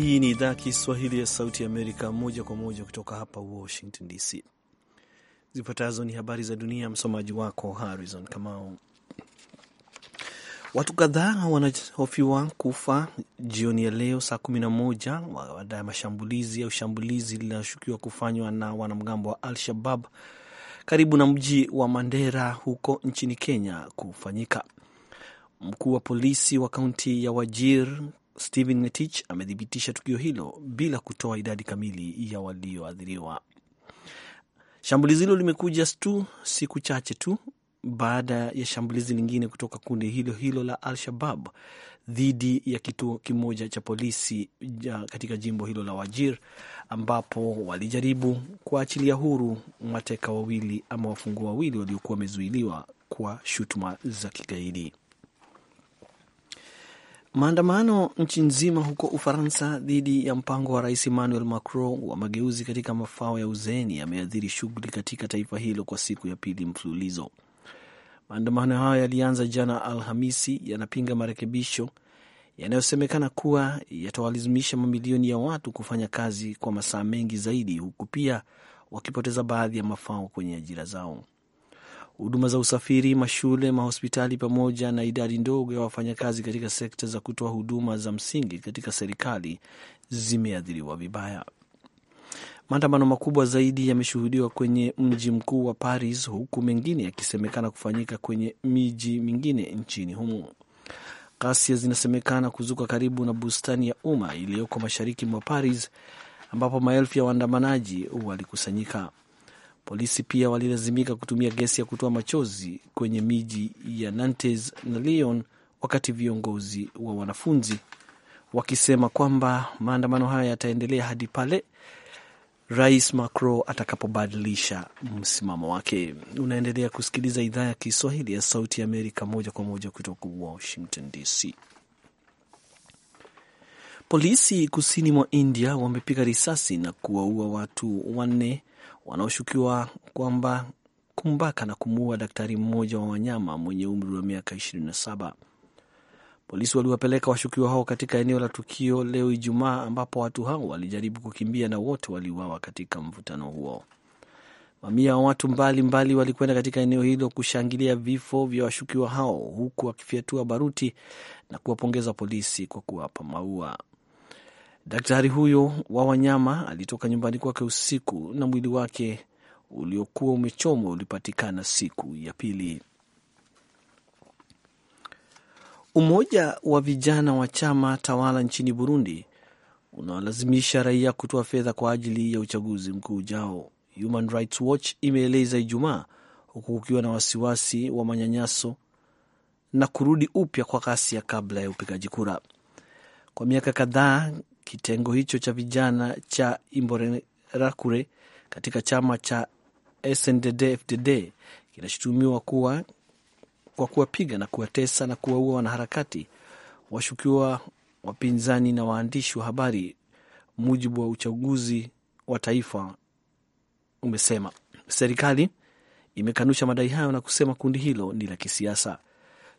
Hii ni idhaa Kiswahili ya Sauti ya Amerika, moja kwa moja kutoka hapa Washington DC. Zifuatazo ni habari za dunia, msomaji wako Harrison Kamau. Watu kadhaa wanahofiwa kufa jioni ya leo saa kumi na moja baada ya mashambulizi au shambulizi linaloshukiwa kufanywa na wanamgambo wa Al-Shabab karibu na mji wa Mandera huko nchini Kenya kufanyika. Mkuu wa polisi wa kaunti ya Wajir Stephen Ngetich amethibitisha tukio hilo bila kutoa idadi kamili ya walioathiriwa. Shambulizi hilo limekuja tu siku chache tu baada ya shambulizi lingine kutoka kundi hilo hilo la Al-Shabab dhidi ya kituo kimoja cha polisi ya katika jimbo hilo la Wajir ambapo walijaribu kuachilia huru mateka wawili ama wafungua wawili waliokuwa wamezuiliwa kwa shutuma za kigaidi. Maandamano nchi nzima huko Ufaransa dhidi ya mpango wa rais Emmanuel Macron wa mageuzi katika mafao ya uzeeni yameathiri shughuli katika taifa hilo kwa siku ya pili mfululizo. Maandamano hayo yalianza jana Alhamisi, yanapinga marekebisho yanayosemekana kuwa yatawalazimisha mamilioni ya watu kufanya kazi kwa masaa mengi zaidi, huku pia wakipoteza baadhi ya mafao kwenye ajira zao huduma za usafiri, mashule, mahospitali pamoja na idadi ndogo ya wafanyakazi katika sekta za kutoa huduma za msingi katika serikali zimeathiriwa vibaya. Maandamano makubwa zaidi yameshuhudiwa kwenye mji mkuu wa Paris, huku mengine yakisemekana kufanyika kwenye miji mingine nchini humo. Ghasia zinasemekana kuzuka karibu na bustani ya umma iliyoko mashariki mwa Paris, ambapo maelfu ya waandamanaji walikusanyika. Polisi pia walilazimika kutumia gesi ya kutoa machozi kwenye miji ya Nantes na Lyon, wakati viongozi wa wanafunzi wakisema kwamba maandamano haya yataendelea hadi pale Rais Macron atakapobadilisha msimamo wake. Unaendelea kusikiliza idhaa ya Kiswahili ya Sauti ya Amerika moja kwa moja kutoka Washington DC. Polisi kusini mwa India wamepiga risasi na kuwaua watu wanne wanaoshukiwa kwamba kumbaka na kumuua daktari mmoja wa wanyama mwenye umri wa miaka 27. Polisi waliwapeleka washukiwa hao katika eneo la tukio leo Ijumaa, ambapo watu hao walijaribu kukimbia na wote waliuawa katika mvutano huo. Mamia wa watu mbalimbali walikwenda katika eneo hilo kushangilia vifo vya washukiwa hao huku wakifyatua baruti na kuwapongeza polisi kwa kuwapa maua. Daktari huyo wa wanyama alitoka nyumbani kwake usiku na mwili wake uliokuwa umechomwa ulipatikana siku ya pili. Umoja wa vijana wa chama tawala nchini Burundi unawalazimisha raia kutoa fedha kwa ajili ya uchaguzi mkuu ujao, Human Rights Watch imeeleza Ijumaa, huku kukiwa na wasiwasi wa manyanyaso na kurudi upya kwa ghasia kabla ya upigaji kura. Kwa miaka kadhaa Kitengo hicho cha vijana cha Imbonerakure katika chama cha SNDD-FDD kinashutumiwa kuwa kwa kuwapiga na kuwatesa na kuwaua wanaharakati, washukiwa, wapinzani na waandishi wa habari, mujibu wa uchaguzi wa taifa umesema. Serikali imekanusha madai hayo na kusema kundi hilo ni la kisiasa.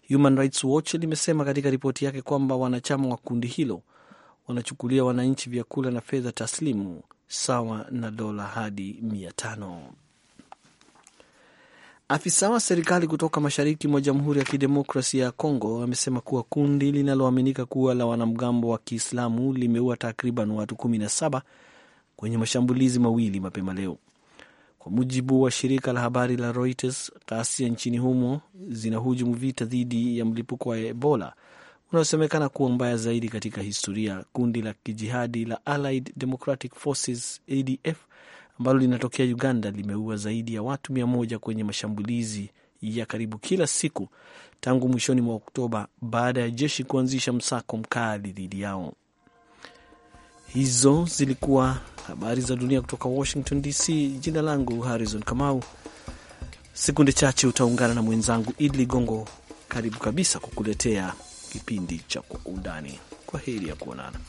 Human Rights Watch limesema katika ripoti yake kwamba wanachama wa kundi hilo wanachukulia wananchi vyakula na fedha taslimu sawa na dola hadi mia tano. Afisa wa serikali kutoka mashariki mwa Jamhuri ya Kidemokrasia ya Kongo amesema kuwa kundi linaloaminika kuwa la wanamgambo wa Kiislamu limeua takriban watu 17 kwenye mashambulizi mawili mapema leo, kwa mujibu wa shirika la habari la Reuters. Ghasia nchini humo zinahujumu vita dhidi ya mlipuko wa Ebola unaosemekana kuwa mbaya zaidi katika historia, kundi la kijihadi la Allied Democratic Forces ADF ambalo linatokea Uganda limeua zaidi ya watu mia moja kwenye mashambulizi ya karibu kila siku tangu mwishoni mwa Oktoba baada ya jeshi kuanzisha msako mkali dhidi yao. Hizo zilikuwa habari za dunia kutoka Washington DC. Jina langu Harrison Kamau. Sekunde chache utaungana na mwenzangu Idli Gongo, karibu kabisa kukuletea kipindi cha Kwa Undani. Kwa heri ya kuonana.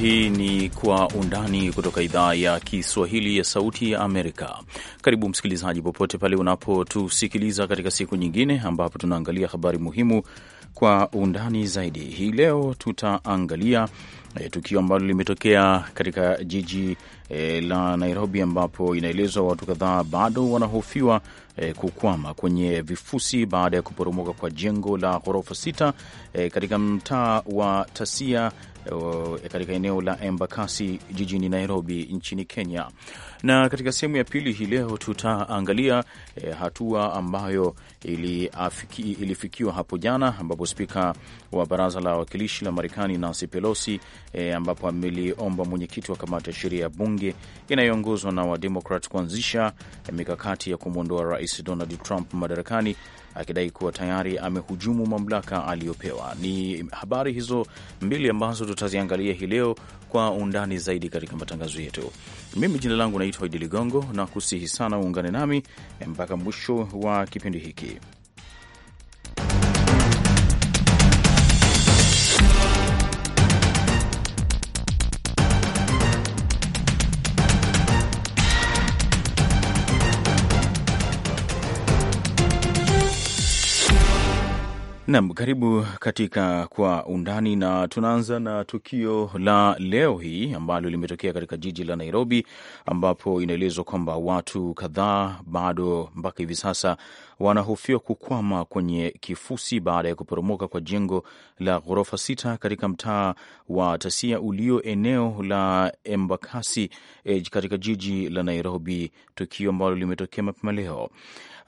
Hii ni Kwa Undani kutoka idhaa ya Kiswahili ya Sauti ya Amerika. Karibu msikilizaji, popote pale unapotusikiliza katika siku nyingine ambapo tunaangalia habari muhimu kwa undani zaidi. Hii leo tutaangalia e, tukio ambalo limetokea katika jiji e, la Nairobi, ambapo inaelezwa watu kadhaa bado wanahofiwa e, kukwama kwenye vifusi baada ya kuporomoka kwa jengo la ghorofa sita e, katika mtaa wa Tasia Eh, katika eneo la Embakasi jijini Nairobi nchini Kenya. Na katika sehemu ya pili hii leo tutaangalia e, hatua ambayo ilifikiwa hapo jana ambapo spika wa baraza la wawakilishi la Marekani Nancy Pelosi e, ambapo ameliomba mwenyekiti wa kamati ya sheria ya bunge inayoongozwa na Wademokrat kuanzisha mikakati ya kumwondoa Rais Donald Trump madarakani akidai kuwa tayari amehujumu mamlaka aliyopewa. Ni habari hizo mbili ambazo tutaziangalia hii leo kwa undani zaidi katika matangazo yetu. Mimi jina langu naitwa Idi Ligongo na kusihi sana uungane nami mpaka mwisho wa kipindi hiki. Nam, karibu katika Kwa Undani, na tunaanza na tukio la leo hii ambalo limetokea katika jiji la Nairobi, ambapo inaelezwa kwamba watu kadhaa bado mpaka hivi sasa wanahofiwa kukwama kwenye kifusi baada ya kuporomoka kwa jengo la ghorofa sita katika mtaa wa Tasia ulio eneo la Embakasi eh, katika jiji la Nairobi, tukio ambalo limetokea mapema leo.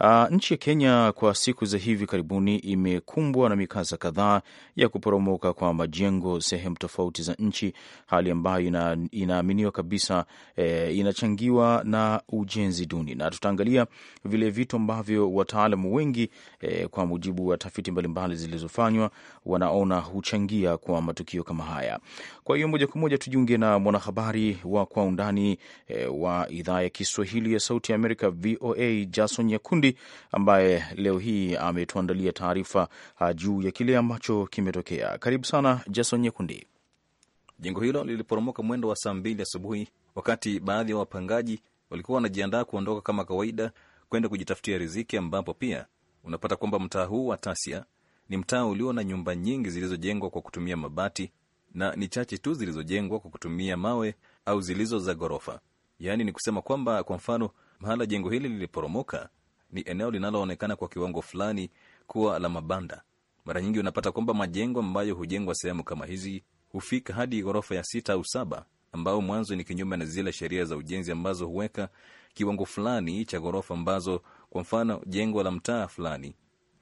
Uh, nchi ya Kenya kwa siku za hivi karibuni imekumbwa na mikasa kadhaa ya kuporomoka kwa majengo sehemu tofauti za nchi, hali ambayo ina, inaaminiwa kabisa eh, inachangiwa na ujenzi duni, na tutaangalia vile vitu ambavyo wataalamu wengi eh, kwa mujibu wa tafiti mbalimbali zilizofanywa wanaona huchangia kwa matukio kama haya. Kwa hiyo moja kwa moja tujiunge na mwanahabari wa kwa undani e, wa idhaa ya Kiswahili ya Sauti ya Amerika VOA Jason Nyakundi ambaye leo hii ametuandalia taarifa juu ya kile ambacho kimetokea. Karibu sana Jason Nyakundi. Jengo hilo liliporomoka mwendo wa saa mbili asubuhi wakati baadhi ya wa wapangaji walikuwa wanajiandaa kuondoka kama kawaida kwenda kujitafutia riziki, ambapo pia unapata kwamba mtaa huu wa Tasia ni mtaa ulio na nyumba nyingi zilizojengwa kwa kutumia mabati na ni chache tu zilizojengwa kwa kutumia mawe au zilizo za ghorofa. Yaani ni kusema kwamba, kwa mfano, mahala jengo hili liliporomoka ni eneo linaloonekana kwa kiwango fulani kuwa la mabanda. Mara nyingi unapata kwamba majengo ambayo hujengwa sehemu kama hizi hufika hadi ghorofa ya sita au saba, ambao mwanzo ni kinyume na zile sheria za ujenzi ambazo huweka kiwango fulani cha ghorofa ambazo, kwa mfano, jengo la mtaa fulani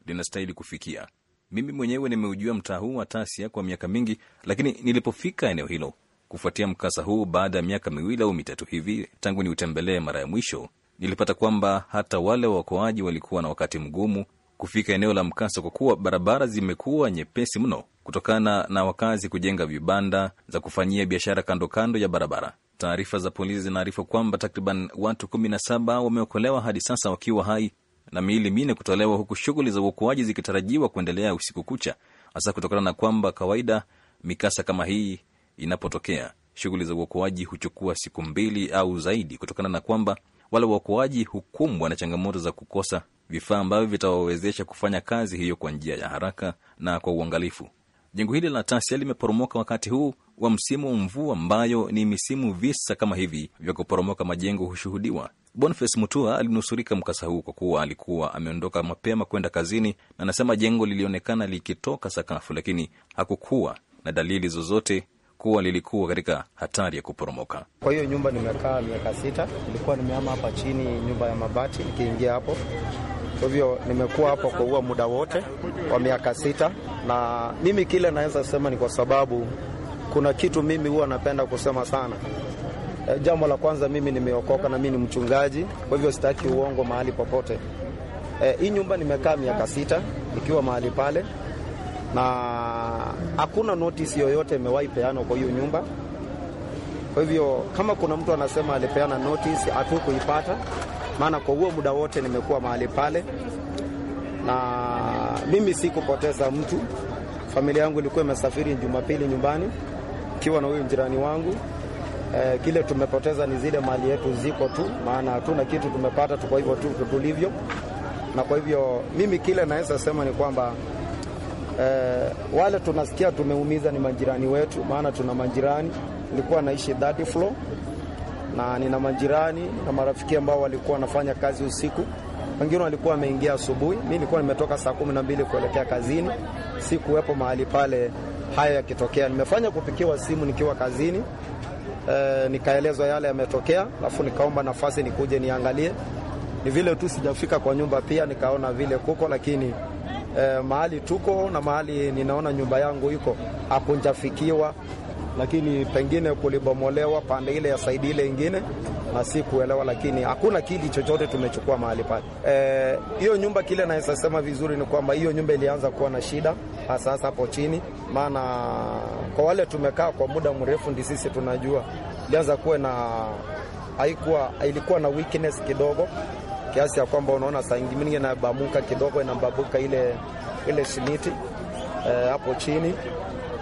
linastahili kufikia. Mimi mwenyewe nimeujua mtaa huu wa Tasia kwa miaka mingi, lakini nilipofika eneo hilo kufuatia mkasa huu baada ya miaka miwili au mitatu hivi tangu niutembelee mara ya mwisho, nilipata kwamba hata wale waokoaji walikuwa na wakati mgumu kufika eneo la mkasa kwa kuwa barabara zimekuwa nyepesi mno kutokana na wakazi kujenga vibanda za kufanyia biashara kando kando ya barabara. Taarifa za polisi zinaarifu kwamba takriban watu 17 wameokolewa hadi sasa wakiwa hai na miili minne kutolewa huku shughuli za uokoaji zikitarajiwa kuendelea usiku kucha, hasa kutokana na kwamba kawaida mikasa kama hii inapotokea, shughuli za uokoaji huchukua siku mbili au zaidi, kutokana na kwamba wale waokoaji hukumbwa na changamoto za kukosa vifaa ambavyo vitawawezesha kufanya kazi hiyo kwa njia ya haraka na kwa uangalifu. Jengo hili la Tasia limeporomoka wakati huu wa msimu wa mvua, ambayo ni misimu visa kama hivi vya kuporomoka majengo hushuhudiwa. Boniface Mutua alinusurika mkasa huu kwa kuwa alikuwa ameondoka mapema kwenda kazini, na anasema jengo lilionekana likitoka sakafu, lakini hakukuwa na dalili zozote kuwa lilikuwa katika hatari ya kuporomoka. Kwa hiyo nyumba nimekaa miaka sita, nilikuwa nimeama hapa chini, nyumba ya mabati, nikiingia hapo. Kwa hivyo nimekuwa hapo kwa huo muda wote wa miaka sita, na mimi kile naweza sema ni kwa sababu kuna kitu mimi huwa napenda kusema sana Eh, jambo la kwanza, mimi nimeokoka na mimi ni mchungaji, kwa hivyo sitaki uongo mahali popote. E, hii nyumba nimekaa miaka sita ikiwa mahali pale, na hakuna notisi yoyote imewahi peana kwa hiyo nyumba. Kwa hivyo kama kuna mtu anasema alipeana notisi, kuipata, maana kwa huo muda wote nimekuwa mahali pale, na mimi sikupoteza mtu. Familia yangu ilikuwa imesafiri Jumapili nyumbani, ikiwa na huyu jirani wangu e, kile tumepoteza ni zile mali yetu ziko tu, maana hatuna kitu tumepata, tuko hivyo tu tulivyo. Na kwa hivyo mimi kile naweza sema ni kwamba e, wale tunasikia tumeumiza ni majirani wetu, maana tuna majirani, nilikuwa naishi third floor na nina majirani na marafiki ambao walikuwa wanafanya kazi usiku, wengine walikuwa wameingia asubuhi. Mimi nilikuwa nimetoka saa kumi na mbili kuelekea kazini, sikuwepo mahali pale haya yakitokea. Nimefanya kupikiwa simu nikiwa kazini, e, nikaelezwa yale yametokea, alafu nikaomba nafasi nikuje niangalie. Ni vile tu sijafika kwa nyumba, pia nikaona vile kuko, lakini e, mahali tuko na mahali ninaona nyumba yangu iko hakunjafikiwa, lakini pengine kulibomolewa pande ile ya saidi ile ingine na si kuelewa, lakini hakuna kili chochote tumechukua mahali pale. Eh, hiyo e, nyumba kile naweza sema vizuri ni kwamba hiyo nyumba ilianza kuwa na shida hasa hasa hapo chini, maana kwa wale tumekaa kwa muda mrefu ndi sisi tunajua ilianza kuwa na haikuwa ilikuwa na weakness kidogo kiasi ya kwamba unaona saa nyingine inabamuka kidogo inababuka ile ile simiti eh, hapo e, chini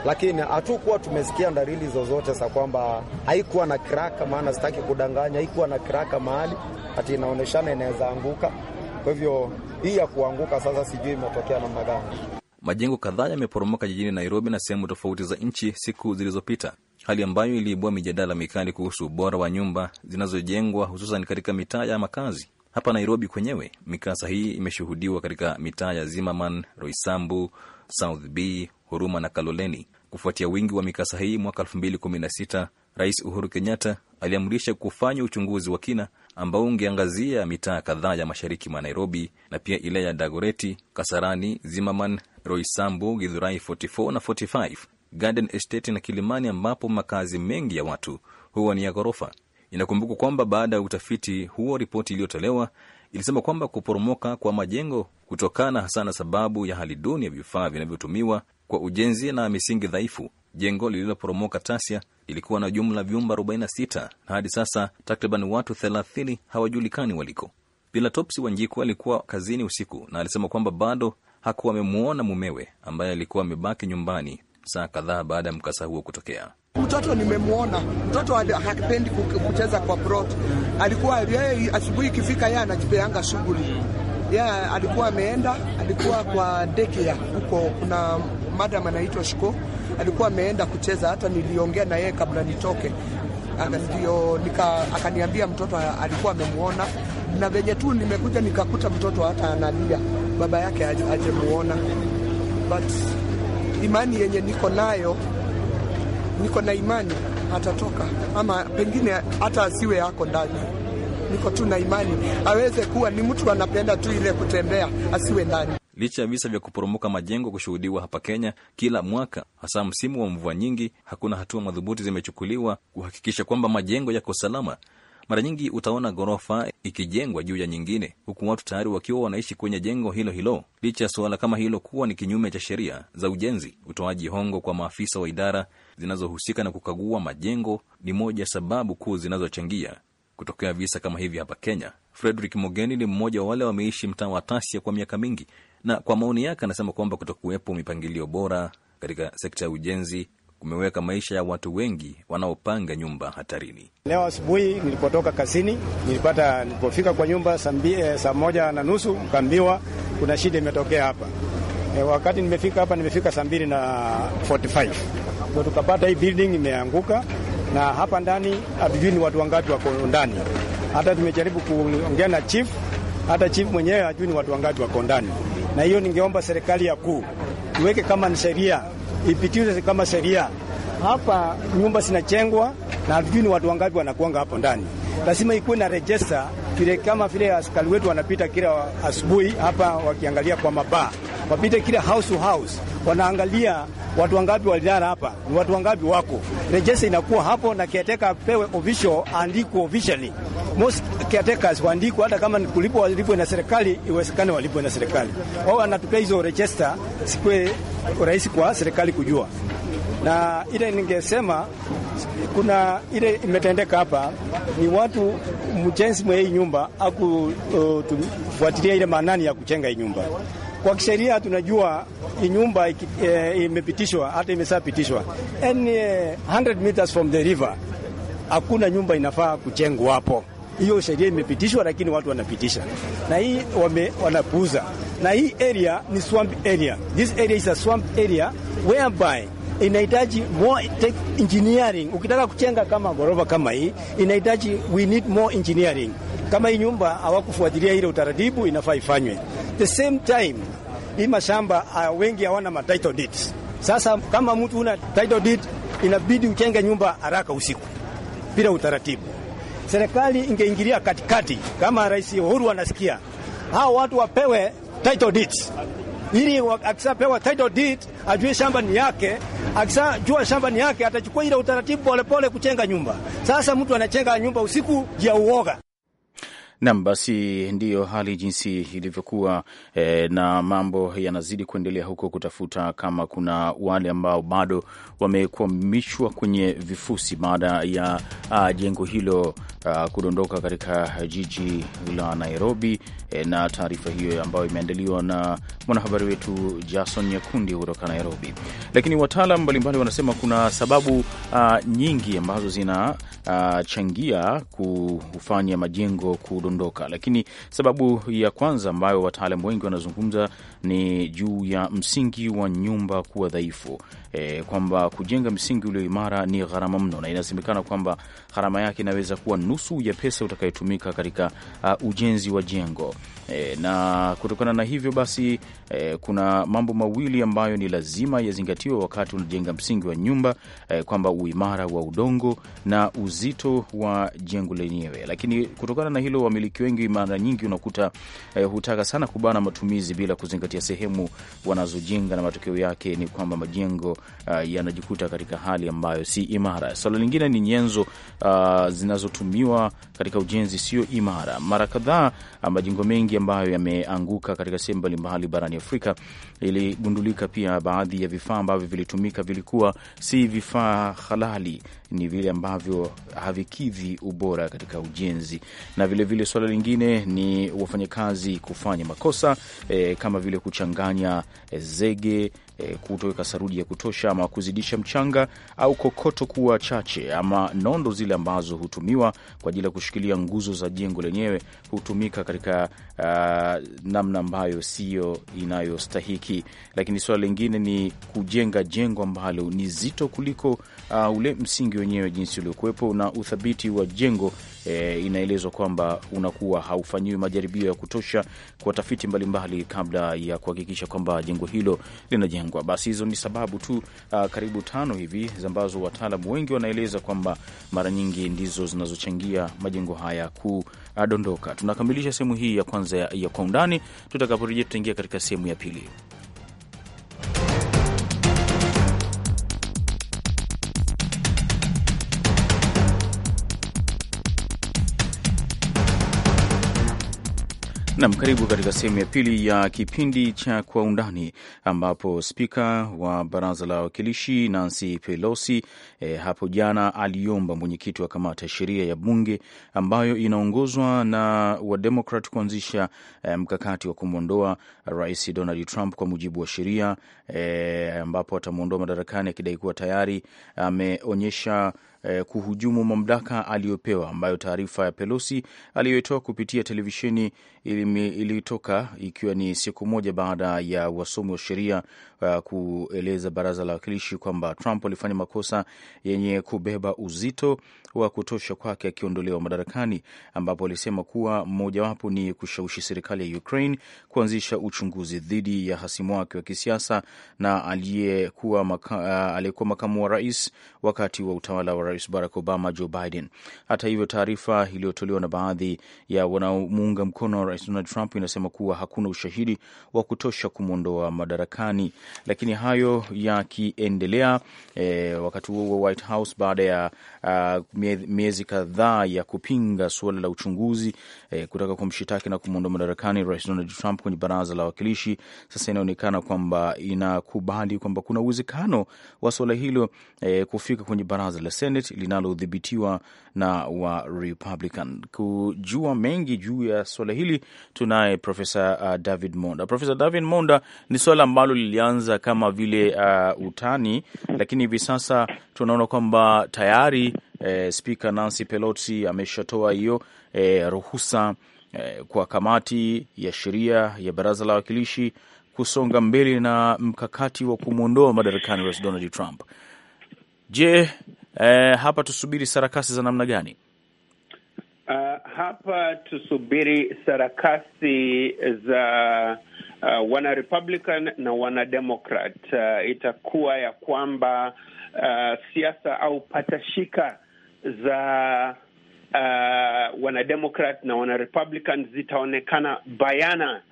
lakini hatukuwa tumesikia dalili zozote za kwamba haikuwa na kiraka, maana sitaki kudanganya, haikuwa na kiraka mahali ati inaonyeshana inaweza anguka. Kwa hivyo hii ya kuanguka sasa sijui imetokea namna gani. Majengo kadhaa yameporomoka jijini Nairobi na sehemu tofauti za nchi siku zilizopita, hali ambayo iliibua mijadala mikali kuhusu ubora wa nyumba zinazojengwa hususan katika mitaa ya makazi. Hapa Nairobi kwenyewe mikasa hii imeshuhudiwa katika mitaa ya Zimmerman, Roysambu, South B, Huruma na Kaloleni. Kufuatia wingi wa mikasa hii mwaka 2016, Rais Uhuru Kenyatta aliamrisha kufanya uchunguzi wa kina ambao ungeangazia mitaa kadhaa ya mashariki mwa Nairobi na pia ile ya Dagoreti, Kasarani, Zimmerman, Roysambu, Githurai 44 na 45, Garden Estate na Kilimani, ambapo makazi mengi ya watu huwa ni ya ghorofa. Inakumbukwa kwamba baada ya utafiti huo, ripoti iliyotolewa ilisema kwamba kuporomoka kwa majengo kutokana hasa na sababu ya hali duni ya vifaa vinavyotumiwa kwa ujenzi na misingi dhaifu. Jengo lililoporomoka Tasia lilikuwa na jumla vyumba 46 na hadi sasa takriban watu 30 hawajulikani waliko. Pilatopsi Wanjiku alikuwa kazini usiku na alisema kwamba bado hakuwa amemwona mumewe ambaye alikuwa amebaki nyumbani saa kadhaa baada ya mkasa huo kutokea. Mtoto nimemwona, mtoto hakipendi kucheza kwa prot. Alikuwa yeye asubuhi ikifika, yeye anajipeanga shughuli. Yeye alikuwa ameenda, alikuwa kwa deki huko kuna madam anaitwa Shiko alikuwa ameenda kucheza, hata niliongea na yeye kabla nitoke, ndio nika akaniambia mtoto alikuwa amemuona, na venye tu nimekuja nikakuta mtoto hata analia, baba yake ajemuona But imani yenye niko nayo, niko na imani atatoka, ama pengine hata asiwe yako ndani niko tu na imani aweze kuwa ni mtu anapenda tu ile kutembea, asiwe ndani. Licha ya visa vya kuporomoka majengo kushuhudiwa hapa Kenya kila mwaka, hasa msimu wa mvua nyingi, hakuna hatua madhubuti zimechukuliwa kuhakikisha kwamba majengo yako salama. Mara nyingi utaona ghorofa ikijengwa juu ya nyingine, huku watu tayari wakiwa wanaishi kwenye jengo hilo hilo, licha ya suala kama hilo kuwa ni kinyume cha sheria za ujenzi. Utoaji hongo kwa maafisa wa idara zinazohusika na kukagua majengo ni moja sababu kuu zinazochangia kutokea visa kama hivi hapa Kenya. Frederick Mogeni ni mmoja wa wale wameishi mtaa wa Tasia kwa miaka mingi. Na kwa maoni yake anasema kwamba kutokuwepo mipangilio bora katika sekta ya ujenzi kumeweka maisha ya watu wengi wanaopanga nyumba hatarini. Leo asubuhi nilipotoka kazini, nilipata nilipofika kwa nyumba saa eh, moja na nusu nikaambiwa kuna shida imetokea hapa. E, wakati nimefika hapa nimefika saa mbili na 45 ndo tukapata hii building imeanguka, na hapa ndani hatujui ni watu wangapi wako ndani. Hata tumejaribu kuongea na chief, hata chief mwenyewe hajui ni watu wangapi wako ndani na hiyo ningeomba serikali ya kuu iweke kama ni sheria, ipitiwe kama sheria. Hapa nyumba zinachengwa na hatujui ni watu wangapi wanakuanga hapo ndani. Lazima ikuwe na rejesta vile, kama vile askari wetu wanapita kila asubuhi hapa wakiangalia kwa mabaa wapite kila house to house, wanaangalia watu wangapi walilala hapa, ni watu wangapi wako rejesa, inakuwa hapo na kiateka pewe official, andikwe officially. Most caretakers waandikwe, hata kama kulipo walipo na serikali, iwezekane walipo na serikali. Wao anatupea hizo rejesta, sikuwe rahisi kwa serikali kujua, na ile ningesema kuna ile imetendeka hapa ni watu mjenzi mwe hii nyumba akufuatilia uh, ile maanani ya kuchenga hii nyumba kwa kisheria tunajua nyumba eh, imepitishwa, hata imeshapitishwa any 100 eh, meters from the river, hakuna nyumba inafaa kujengwa hapo. Hiyo sheria imepitishwa, lakini watu wanapitisha na hii wanapuuza. Na hii area ni swamp area, this area is a swamp area whereby inahitaji more tech engineering. Ukitaka kuchenga kama gorova kama hii inahitaji, we need more engineering kama hii nyumba hawakufuatilia ile utaratibu, inafaa ifanywe. The same time hii mashamba ah, wengi hawana ma title deeds. Sasa kama mtu una title deed, inabidi uchenge nyumba haraka usiku bila utaratibu. Serikali ingeingilia katikati, kama Rais Uhuru anasikia, hao watu wapewe title deeds ili akisapewa title deed ajue shamba ni yake. Akisajua shamba ni yake, atachukua ile utaratibu polepole kuchenga nyumba. Sasa mtu anachenga nyumba usiku ya uoga. Nam, basi ndiyo hali jinsi ilivyokuwa e, na mambo yanazidi kuendelea huko kutafuta kama kuna wale ambao bado wamekwamishwa kwenye vifusi baada ya a, ah, jengo hilo a, ah, kudondoka katika jiji la Nairobi e, na taarifa hiyo ambayo imeandaliwa na mwanahabari wetu Jason Nyakundi kutoka Nairobi. Lakini wataalam mbalimbali wanasema kuna sababu a, ah, nyingi ambazo zinachangia kufanya majengo kudo kudondoka, lakini sababu ya kwanza ambayo wataalamu wengi wanazungumza ni juu ya msingi wa nyumba kuwa dhaifu e, kwamba kujenga msingi ulio imara ni gharama mno, na inasemekana kwamba gharama yake inaweza kuwa nusu ya pesa utakayotumika katika uh, ujenzi wa jengo e, na kutokana na hivyo basi e, kuna mambo mawili ambayo ni lazima yazingatiwe wakati unajenga msingi wa nyumba e, kwamba uimara wa udongo na uzito wa jengo lenyewe. Lakini kutokana na hilo, wamiliki wengi mara nyingi unakuta e, hutaka sana kubana matumizi bila kuzingatia sehemu wanazojenga, na matokeo yake ni kwamba majengo uh, yanajikuta katika hali ambayo si imara. Swala lingine ni nyenzo uh, zinazotumiwa katika ujenzi sio imara. Mara kadhaa uh, majengo mengi ambayo yameanguka katika sehemu mbalimbali barani Afrika, iligundulika pia baadhi ya vifaa ambavyo vilitumika vilikuwa si vifaa halali, ni vile ambavyo havikidhi ubora katika ujenzi. Na vilevile swala lingine ni wafanyakazi kufanya makosa eh, kama vile kuchanganya eh, zege e, eh, kutoweka saruji ya kutosha ama kuzidisha mchanga au kokoto kuwa chache ama nondo zile ambazo hutumiwa kwa ajili ya kushikilia nguzo za jengo lenyewe hutumika katika uh, namna ambayo siyo inayostahiki. Lakini suala lingine ni kujenga jengo ambalo ni zito kuliko uh, ule msingi wenyewe jinsi uliokuwepo na uthabiti wa jengo e, inaelezwa kwamba unakuwa haufanyiwi majaribio ya kutosha kwa tafiti mbalimbali kabla ya kuhakikisha kwamba jengo hilo linajengwa. Basi hizo ni sababu tu a, karibu tano hivi ambazo wataalamu wengi wanaeleza kwamba mara nyingi ndizo zinazochangia majengo haya kudondoka. Tunakamilisha sehemu hii ya kwanza ya, ya kwa undani. Tutakaporejea tutaingia katika sehemu ya pili. Nam, karibu katika sehemu ya pili ya kipindi cha Kwa Undani, ambapo spika wa baraza la wawakilishi Nancy Pelosi e, hapo jana aliomba mwenyekiti wa kamati ya sheria ya bunge ambayo inaongozwa na Wademokrat kuanzisha e, mkakati wa kumwondoa Rais Donald Trump kwa mujibu wa sheria e, ambapo atamwondoa madarakani akidai kuwa tayari ameonyesha eh, kuhujumu mamlaka aliyopewa, ambayo taarifa ya Pelosi aliyoitoa kupitia televisheni ilitoka ikiwa ni siku moja baada ya wasomi wa sheria uh, kueleza baraza la wakilishi kwamba Trump alifanya makosa yenye kubeba uzito wa kutosha kwake akiondolewa madarakani, ambapo alisema kuwa mmojawapo ni kushawishi serikali ya Ukraine kuanzisha uchunguzi dhidi ya hasimu wake wa kisiasa na aliyekuwa maka, uh, makamu wa rais wakati wa utawala wa rais Barack Obama, Joe Biden. Hata hivyo, taarifa iliyotolewa na baadhi ya wanaomuunga mkono rais Donald Trump inasema kuwa hakuna ushahidi wa kutosha kumwondoa madarakani lakini hayo yakiendelea, e, wakati huo White House baada ya uh, miezi kadhaa ya kupinga suala la uchunguzi e, eh, kutaka kumshitaki na kumwondoa madarakani Rais Donald Trump kwenye baraza la wawakilishi, sasa inaonekana kwamba inakubali kwamba kuna uwezekano wa suala hilo e, kufika kwenye baraza la Senate linalodhibitiwa na wa Republican. Kujua mengi juu ya suala hili tunaye Profesa ah, David Monda. Profesa David Monda, ni suala ambalo lilianza ulianza kama vile uh, utani, lakini hivi sasa tunaona kwamba tayari eh, Spika Nancy Pelosi ameshatoa hiyo eh, ruhusa eh, kwa kamati ya sheria ya baraza la wawakilishi kusonga mbele na mkakati wa kumwondoa madarakani Rais Donald Trump. Je, eh, hapa tusubiri sarakasi za namna gani? Uh, hapa tusubiri sarakasi za uh, wanarepublican na wanademokrat. Uh, itakuwa ya kwamba uh, siasa au patashika za uh, wanademokrat na wanarepublican zitaonekana bayana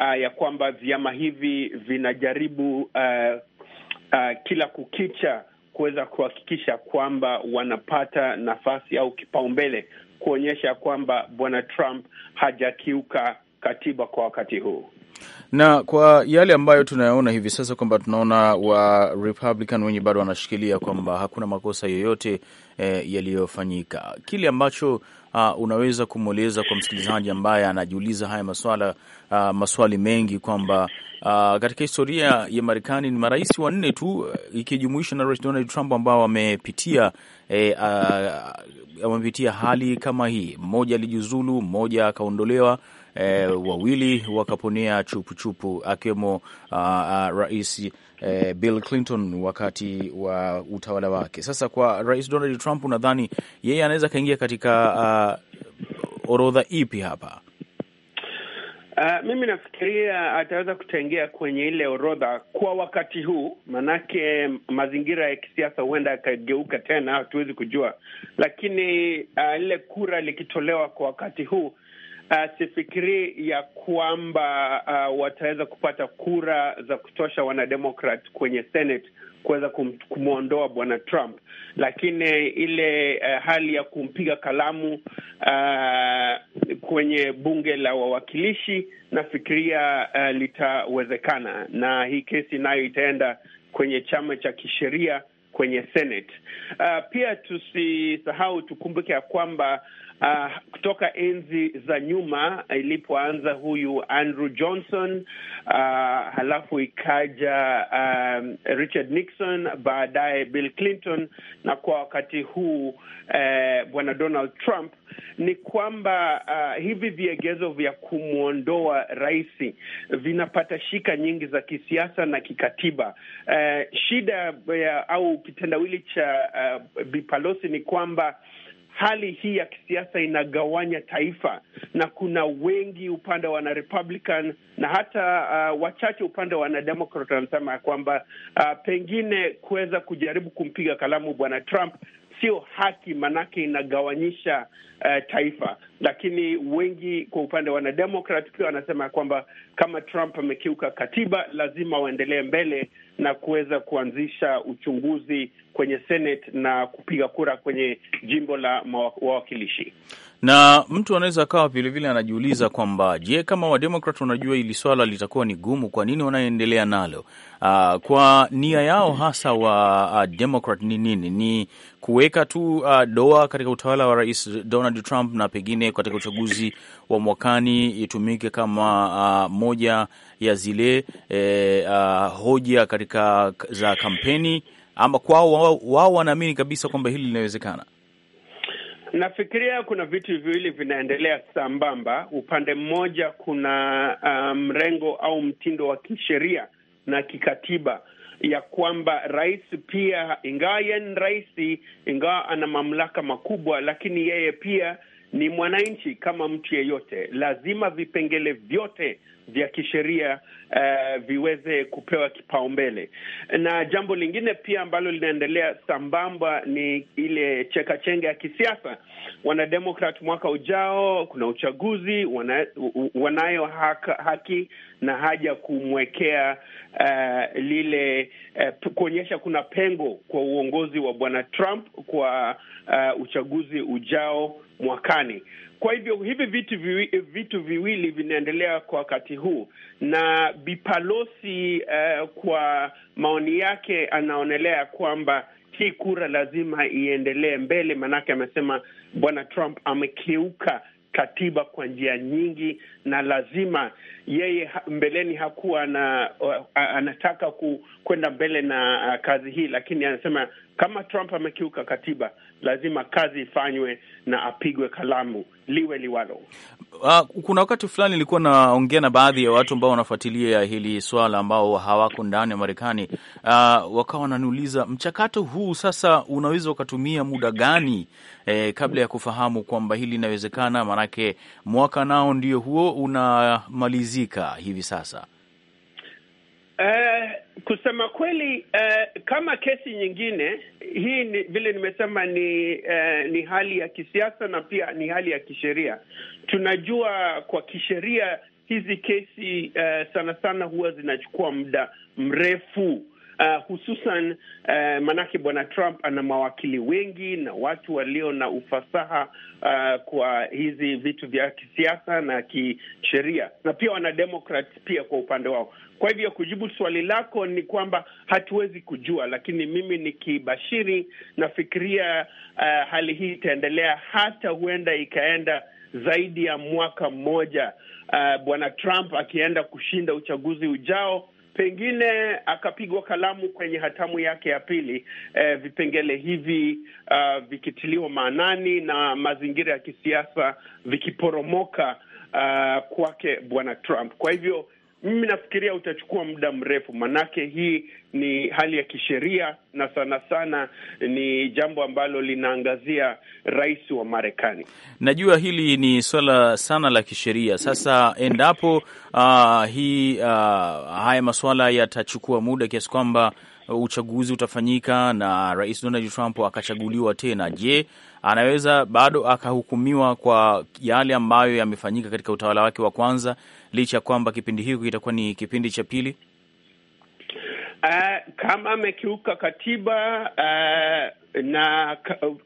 uh, ya kwamba vyama hivi vinajaribu uh, uh, kila kukicha kuweza kuhakikisha kwamba wanapata nafasi au kipaumbele kuonyesha kwamba bwana Trump hajakiuka katiba kwa wakati huu na kwa yale ambayo tunayaona hivi sasa kwamba tunaona wa Republican wenye bado wanashikilia kwamba hakuna makosa yoyote eh, yaliyofanyika. Kile ambacho uh, unaweza kumweleza kwa msikilizaji ambaye anajiuliza haya maswala uh, maswali mengi kwamba uh, katika historia ya Marekani ni marais wanne tu eh, ikijumuisha na Rais Donald Trump ambao wamepitia eh, uh, wamepitia hali kama hii. Mmoja alijiuzulu, mmoja akaondolewa e, wawili wakaponea chupuchupu akiwemo ah, ah, rais uh, Bill Clinton wakati wa utawala wake. Sasa kwa rais Donald Trump, unadhani yeye anaweza akaingia katika uh, orodha ipi hapa? Uh, mimi nafikiria ataweza kutengea kwenye ile orodha kwa wakati huu, manake mazingira ya kisiasa huenda yakageuka tena, hatuwezi kujua, lakini uh, ile kura likitolewa kwa wakati huu Uh, sifikiri ya kwamba uh, wataweza kupata kura za kutosha wanademokrat kwenye Senate kuweza kumwondoa bwana Trump, lakini ile uh, hali ya kumpiga kalamu uh, kwenye bunge la wawakilishi nafikiria uh, litawezekana, na hii kesi nayo itaenda kwenye chama cha kisheria kwenye Senate. Uh, pia tusisahau tukumbuke ya kwamba Uh, kutoka enzi za nyuma ah, ilipoanza huyu Andrew Johnson, uh, halafu ikaja um, Richard Nixon, baadaye Bill Clinton na kwa wakati huu uh, bwana Donald Trump, ni kwamba uh, hivi viegezo vya kumwondoa rais vinapata shika nyingi za kisiasa na kikatiba. Uh, shida ya, au kitendawili cha uh, Bipalosi ni kwamba hali hii ya kisiasa inagawanya taifa, na kuna wengi upande wa wanarepublican na hata uh, wachache upande wa wanademokrat wanasema ya kwamba uh, pengine kuweza kujaribu kumpiga kalamu bwana Trump sio haki, manake inagawanyisha uh, taifa. Lakini wengi kwa upande wa wanademokrat pia wanasema ya kwamba kama Trump amekiuka katiba, lazima waendelee mbele na kuweza kuanzisha uchunguzi kwenye Senate na kupiga kura kwenye jimbo la wawakilishi. Na mtu anaweza akawa vilevile anajiuliza kwamba je, kama Wademokrat wanajua hili swala litakuwa ni gumu, kwa nini wanaendelea nalo? Uh, kwa nia yao hasa wa uh, ni nini? Ni kuweka tu uh, doa katika utawala wa Rais Donald Trump na pengine katika uchaguzi wa mwakani itumike kama uh, moja ya zile eh, uh, hoja katika za kampeni ama kwao wao wanaamini kabisa kwamba hili linawezekana? Nafikiria kuna vitu viwili vinaendelea sambamba. Upande mmoja kuna uh, mrengo um, au mtindo wa kisheria na kikatiba ya kwamba rais pia, ingawa yeye ni rais, ingawa ana mamlaka makubwa, lakini yeye pia ni mwananchi kama mtu yeyote, lazima vipengele vyote vya kisheria uh, viweze kupewa kipaumbele. Na jambo lingine pia ambalo linaendelea sambamba ni ile chekachenga ya kisiasa. Wanademokrat, mwaka ujao kuna uchaguzi, wana, wanayo haka, haki na haja kumwekea uh, lile uh, kuonyesha kuna pengo kwa uongozi wa bwana Trump kwa uh, uchaguzi ujao mwakani. Kwa hivyo hivi vitu viwili, vitu viwili vinaendelea kwa wakati huu, na Bipalosi uh, eh, kwa maoni yake anaonelea kwamba hii kura lazima iendelee mbele, maanake amesema bwana Trump amekeuka katiba kwa njia nyingi, na lazima yeye mbeleni hakuwa na, uh, anataka ku, kwenda mbele na uh, kazi hii, lakini anasema kama Trump amekiuka katiba, lazima kazi ifanywe na apigwe kalamu, liwe liwalo. Uh, kuna wakati fulani nilikuwa naongea na baadhi ya watu ambao wanafuatilia hili swala ambao hawako ndani ya Marekani. Uh, wakawa wananiuliza mchakato huu sasa unaweza ukatumia muda gani eh, kabla ya kufahamu kwamba hili linawezekana, maanake mwaka nao ndio huo unamalizika hivi sasa. Eh, kusema kweli uh, kama kesi nyingine hii ni, vile nimesema ni uh, ni hali ya kisiasa na pia ni hali ya kisheria. Tunajua kwa kisheria hizi kesi uh, sana sana huwa zinachukua muda mrefu uh, hususan uh, maanake bwana Trump ana mawakili wengi na watu walio na ufasaha uh, kwa hizi vitu vya kisiasa na kisheria, na pia wanademokrat pia kwa upande wao. Kwa hivyo kujibu swali lako ni kwamba hatuwezi kujua, lakini mimi nikibashiri, nafikiria uh, hali hii itaendelea hata huenda ikaenda zaidi ya mwaka mmoja, uh, bwana Trump akienda kushinda uchaguzi ujao pengine akapigwa kalamu kwenye hatamu yake ya pili, eh, vipengele hivi uh, vikitiliwa maanani na mazingira ya kisiasa vikiporomoka uh, kwake Bwana Trump. Kwa hivyo mimi nafikiria utachukua muda mrefu, manake hii ni hali ya kisheria na sana sana ni jambo ambalo linaangazia rais wa Marekani. Najua hili ni swala sana la kisheria. Sasa endapo uh, hii uh, haya masuala yatachukua muda kiasi kwamba uchaguzi utafanyika na rais Donald Trump akachaguliwa tena, je, anaweza bado akahukumiwa kwa yale ambayo yamefanyika katika utawala wake wa kwanza? licha ya kwamba kipindi hiki kitakuwa ni kipindi cha pili? Uh, kama amekiuka katiba uh, na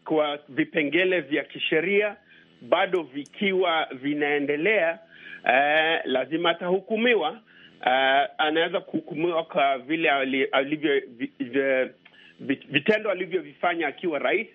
kwa vipengele vya kisheria bado vikiwa vinaendelea, uh, lazima atahukumiwa. Uh, anaweza kuhukumiwa kwa vile alivyo vitendo alivyovifanya akiwa rais,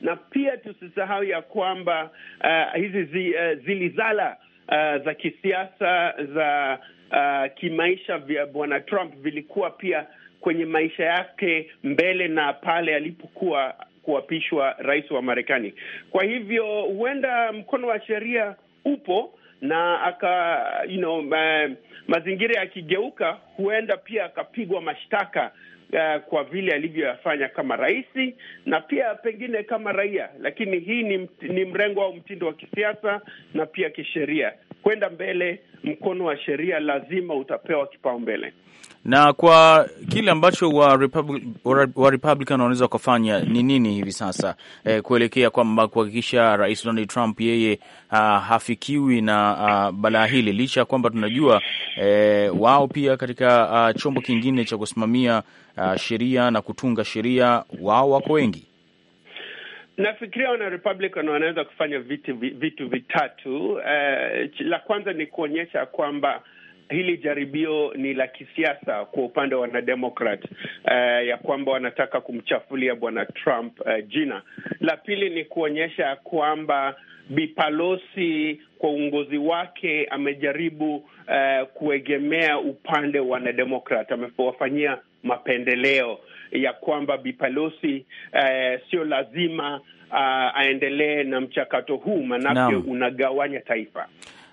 na pia tusisahau ya kwamba uh, hizi zi, uh, zilizala uh, za kisiasa za uh, kimaisha vya bwana Trump vilikuwa pia kwenye maisha yake mbele na pale alipokuwa kuapishwa rais wa Marekani. Kwa hivyo huenda mkono wa sheria upo na aka you know, ma, eh, mazingira yakigeuka, huenda pia akapigwa mashtaka uh, kwa vile alivyoyafanya kama rais na pia pengine kama raia, lakini hii ni, ni mrengo au mtindo wa kisiasa na pia kisheria kwenda mbele, mkono wa sheria lazima utapewa kipaumbele na kwa kile ambacho wa, Republic, wa Republican wanaweza kufanya ni nini hivi sasa e, kuelekea kwamba kuhakikisha Rais Donald Trump yeye a, ah, hafikiwi na ah, balaa hili, licha ya kwamba tunajua e, wao pia katika a, ah, chombo kingine cha kusimamia sheria na kutunga sheria wao wako wengi Nafikiria wana Republican wanaweza kufanya vitu, vitu vitatu. Uh, la kwanza ni kuonyesha kwamba hili jaribio ni la kisiasa kwa upande wa wanademokrat, uh, ya kwamba wanataka kumchafulia bwana Trump uh, jina. La pili ni kuonyesha kwamba Bi Pelosi kwa uongozi wake amejaribu uh, kuegemea upande wa wanademokrat, amewafanyia mapendeleo ya kwamba bipalosi eh, sio lazima uh, aendelee na mchakato huu, manake unagawanya taifa.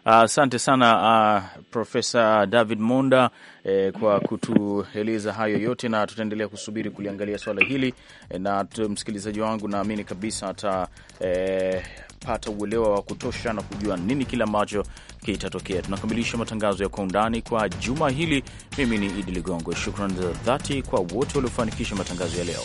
Asante uh, sana uh, Profesa David Monda eh, kwa kutueleza hayo yote, na tutaendelea kusubiri kuliangalia swala hili eh, na msikilizaji wangu naamini kabisa ata eh, kupata uelewa wa kutosha na kujua nini kile ambacho kitatokea. Tunakamilisha matangazo ya Kwa Undani kwa juma hili. Mimi ni Idi Ligongo. Shukrani za dhati kwa wote waliofanikisha matangazo ya leo.